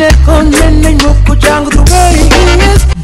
lejos.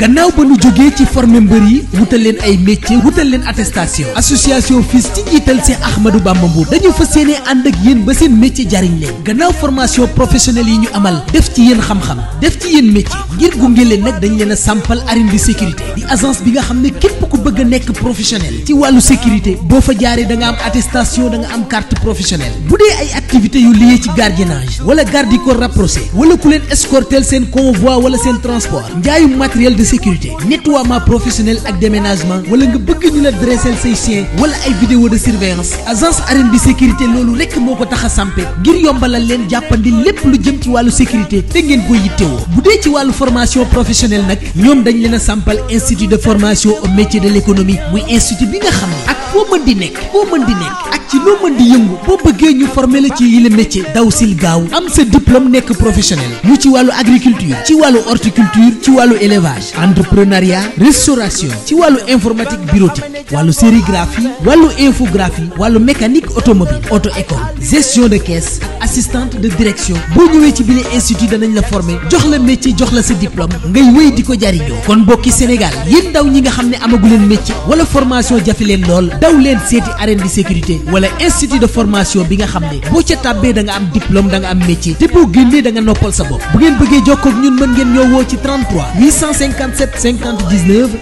gannaaw ba nu jógee ci former mbër yi wutal leen ay métier wutal leen attestation association FILS ci njiital Cheikh Ahmadou Bamba Mbour dañu fa yéene ànd ak yéen ba seen métier jariñ leen gannaaw formation professionnelle yi ñu amal def ci yéen xam-xam def ci yéen métier ngir gunge leen nag dañ leen a sampal arène sécurité di agence bi nga xam ne képp ko bëgg a nekk professionnel ci wàllu sécurité boo fa jaaree da am attestation da am carte professionnelle bu dee ay activités yu lié ci gardiennage wala garde corps rapproché wala ku leen escortel seen convoi wala seen transport njaayum matériel de sécurité nettoiement professionnel avec déménagement wala nga bëgg ñu la dressel say chien wala ay vidéo de surveillance agence arène bi sécurité loolu rek moo ko tax a sampe ngir yombalal leen jàppandi lépp lu jëm ci wàllu sécurité te ngeen koy yittewoo bu dee ci wàllu formation professionnelle nag ñoom dañ leen a sampal institut de formation au métier de l'économie muy institut bi nga xam foo mën di nekk foo mën di nekk ak ci loo mën di yëngu boo bëggee ñu former la ci yile métier daw sil gaaw am sa diplôme nekk professionnel lu ci wàllu agriculture ci wàllu horticulture ci wàllu élevage entrepreneuriat restauration ci wàllu informatique bureautique wàllu sérigraphie wàllu infographie wàllu mécanique automobile auto école gestion de caisse ak assistante de direction boo ñëwee ci bile institut danañ la former jox la métier jox la sa diplôme ngay wéy di ko jariñoo kon mbokki Sénégal yéen ndaw ñi nga xam ne amagu leen wala formation jafe leen lool daw leen seeti arène de sécurité wala institut de formation bi nga xam ne boo ca tàbbee da nga am diplôme da nga am métier te boo génnee da nga noppal sa bopp bu ngeen bëggee jokkoo ak ñun mën ngeen ñoo woo ci 33 857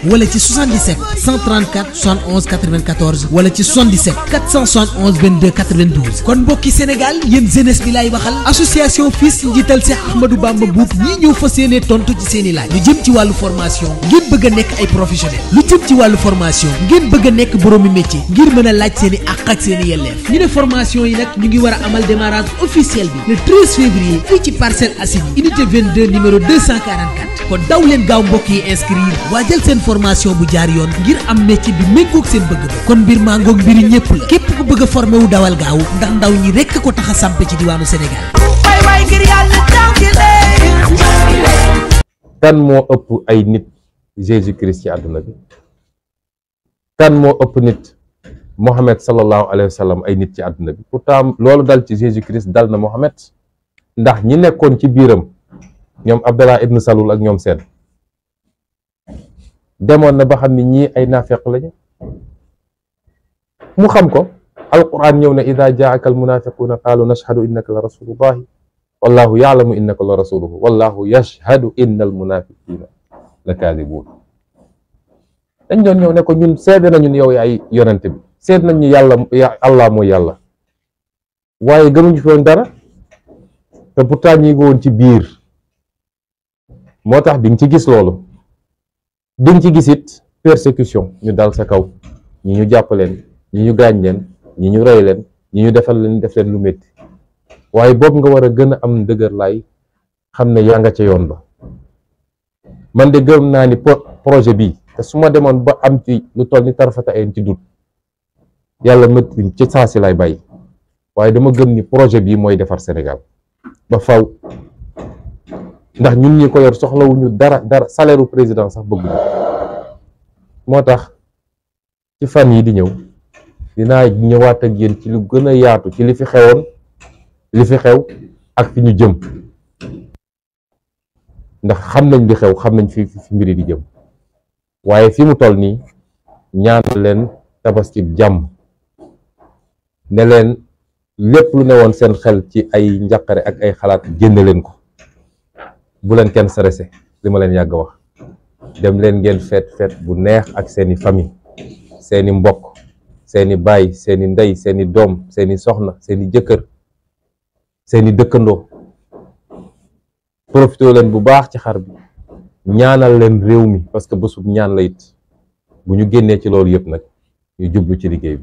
5019 wala ci 77 134 71 94 wala ci 77 471 22 92 kon mbokki Sénégal yéen jeunesse bi laay waxal association fils njiital Cheikh Ahmadou Bamba Buub ñii ñëw fa yéene tontu ci seeni laaj lu jëm ci wàllu formation ngeen bëgg a nekk ay professionnel lu jëm ci wàllu formation ngeen bëgg a nekk boroomi métier métier ngir mën a laaj seen i àq ak seen i yelleef ñu ne formation yi nag ñu ngi war a amal démarrage officiel bi le 13 février fii ci Parcelles Assainies unité 22 numéro kon daw leen gaaw mbokk yi inscrire jël seen formation bu jaar yoon ngir am métier bi méngoog seen bëgg kon mbir maa ngoog mbiri ñëpp képp ku bëgg a formé dawal gaaw ndax ndaw ñi rekk ko tax a samp ci diwaanu Sénégal. kan moo ëpp ay nit Jésus Christ ci àdduna bi Mohamed sallallahu alayhi wa sallam ay nit ci àdduna bi pourtant loolu dal ci Jésus Christ dal na Mohamed ndax ñi nekkoon ci biiram ñoom Abdallah ibn Salul ak ñoom seen demoon na baxam xam ni ñii ay naafeq lañu mu xam ko alquran ñëw na ida jaaka almunafiquna qaalu nashhadu innaka la rasulullahi wallahu yaalamu innaka la rasuluhu wallahu yashhadu inna almunafiqina la kaadibuun dañ doon ñëw ne ñun seede nañu yow yaay yonente seet nañ ñu yàlla allah mooy yàlla waaye gëmuñu fi dara te pourtant ci biir moo tax di nga ci gis loolu di ci gis it persécution ñu dal sa kaw ñi ñu ñu gaañ leen ñi ñu rey leen ñi ñu defal leen def leen lu métti waaye boobu nga war a gën a am dëgër xam ne yaa nga ca yoon ba man de gëm naa ni projet bii te su ma demoon ba am ci lu toll ni tarfata ayen ci dut yàlla mët ci saa si lay bàyyi waaye dama gën ni projet bii mooy defar senegal ba faw ndax ñun ñi ko yor soxlawuñu dara dara salaire président sax bëgguñu moo tax ci fan yi di ñëw dinaa ñëwaat ak yéen ci lu gën a yaatu ci li fi xewoon li fi xew ak fi ñu jëm ndax xam nañ di xew xam nañ fi fi mbiri di jëm waaye fi mu toll nii ñaan leen tabaski jàmm ne leen lépp lu ne woon seen xel ci ay njaqare ak ay xalaat génne leen ko bu leen kenn stressé li ma leen yàgg wax dem leen ngeen feet feet bu neex ak seeni famille seeni mbokk seeni baay seeni ndey seeni doom seeni soxna seeni jëkkër seeni dëkkandoo profité leen bu baax ci xar bi ñaanal leen réew mi parce que bésub ñaan la it bu ñu génnee ci loolu yëpp nag ñu jublu ci liggéey bi